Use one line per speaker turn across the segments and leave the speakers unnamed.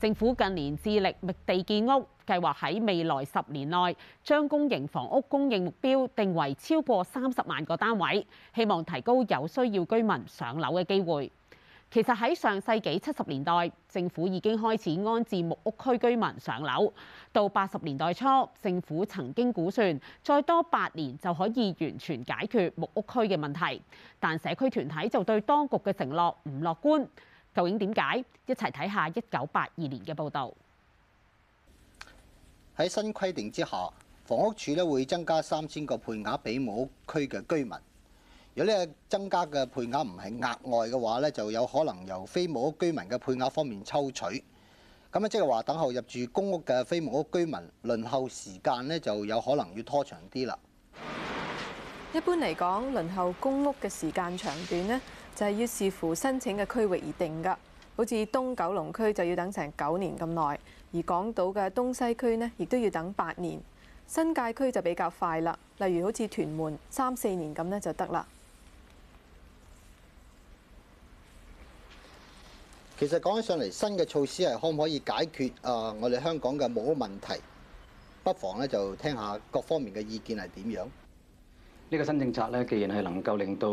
政府近年致力覓地建屋，計劃喺未來十年內將公營房屋供應目標定為超過三十萬個單位，希望提高有需要居民上樓嘅機會。其實喺上世紀七十年代，政府已經開始安置木屋區居民上樓，到八十年代初，政府曾經估算再多八年就可以完全解決木屋區嘅問題，但社區團體就對當局嘅承諾唔樂觀。究竟點解？一齊睇下一九八二年嘅報導。
喺新規定之下，房屋署咧會增加三千個配額俾木屋區嘅居民。如果呢個增加嘅配額唔係額外嘅話咧，就有可能由非木屋居民嘅配額方面抽取。咁啊，即係話等候入住公屋嘅非木屋居民輪候時間咧，就有可能要拖長啲啦。
一般嚟講，輪候公屋嘅時間長短呢，就係要視乎申請嘅區域而定㗎，好似東九龍區就要等成九年咁耐，而港島嘅東西區呢，亦都要等八年。新界區就比較快啦，例如好似屯門三四年咁呢就得啦。
其實講起上嚟，新嘅措施係可唔可以解決啊，呃？我哋香港嘅木屋問題，不妨咧就聽下各方面嘅意見係點樣。
呢個新政策咧，既然係能夠令到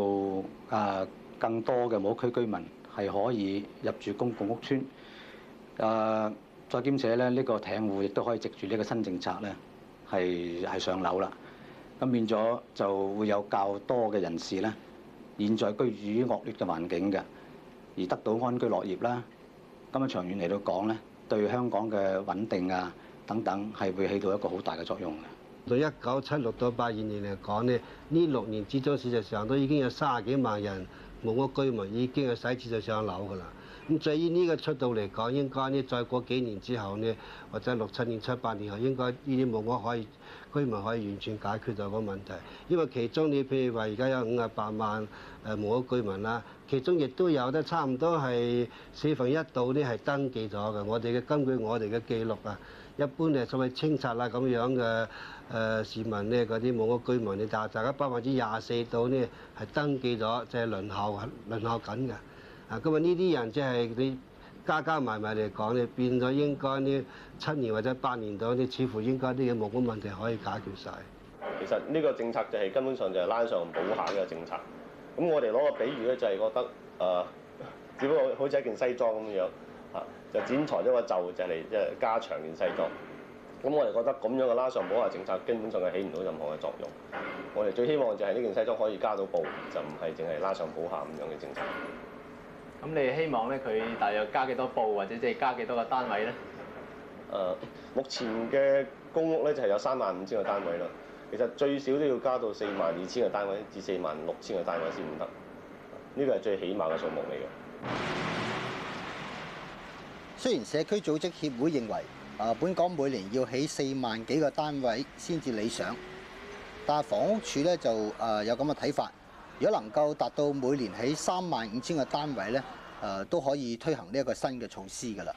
啊～，呃更多嘅木屋區居民係可以入住公共屋邨，誒，再兼且咧呢個艇戶亦都可以藉住呢個新政策咧，係係上樓啦。咁變咗就會有較多嘅人士咧，現在居住於惡劣嘅環境嘅，而得到安居樂業啦。咁啊，長遠嚟到講咧，對香港嘅穩定啊等等係會起到一個好大嘅作用嘅。
對一九七六到八二年嚟講咧，呢六年事實上都已經有三十幾萬人。冇屋居民已經係使錢就上樓噶啦。咁至於呢個出到嚟講，應該呢再過幾年之後呢，或者六七年、七八年後，應該呢啲冇屋可以居民可以完全解決到個問題。因為其中你譬如話而家有五廿八萬誒冇屋居民啦，其中亦都有得差唔多係四分一度呢係登記咗嘅。我哋嘅根據我哋嘅記錄啊。一般咧，所謂清拆啦咁樣嘅誒市民咧，嗰啲木屋居民你就大家百分之廿四到咧係登記咗，即、就、係、是、輪候緊，輪候緊嘅。啊，咁啊、就是，呢啲人即係你加加埋埋嚟講咧，你變咗應該呢七年或者八年到咧，你似乎應該啲嘢木屋問題可以解決晒。
其實呢個政策就係根本上就係拉上補下嘅政策。咁我哋攞個比喻咧，就係覺得誒、呃，只不過好似一件西裝咁樣。啊！就剪裁呢個袖就嚟，即係加長件西裝。咁我哋覺得咁樣嘅拉上補下政策，根本上係起唔到任何嘅作用。我哋最希望就係呢件西裝可以加到布，就唔係淨係拉上補下咁樣嘅政策。咁你希望咧，佢大約加幾多布，或者即係加幾多個單位咧？誒、啊，目前嘅公屋咧就係、是、有三萬五千個單位啦。其實最少都要加到四萬二千個單位，至四萬六千個單位先唔得。呢個係最起碼嘅數目嚟嘅。
雖然社區組織協會認為，啊，本港每年要起四萬幾個單位先至理想，但房屋署咧就誒有咁嘅睇法，如果能夠達到每年起三萬五千個單位咧，誒都可以推行呢一個新嘅措施㗎啦。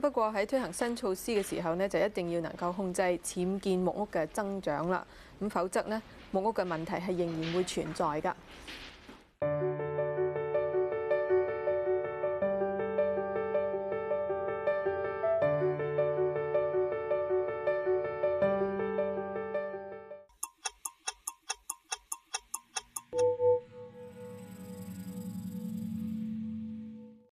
不過喺推行新措施嘅時候咧，就一定要能夠控制僭建木屋嘅增長啦。咁否則咧，木屋嘅問題係仍然會存在㗎。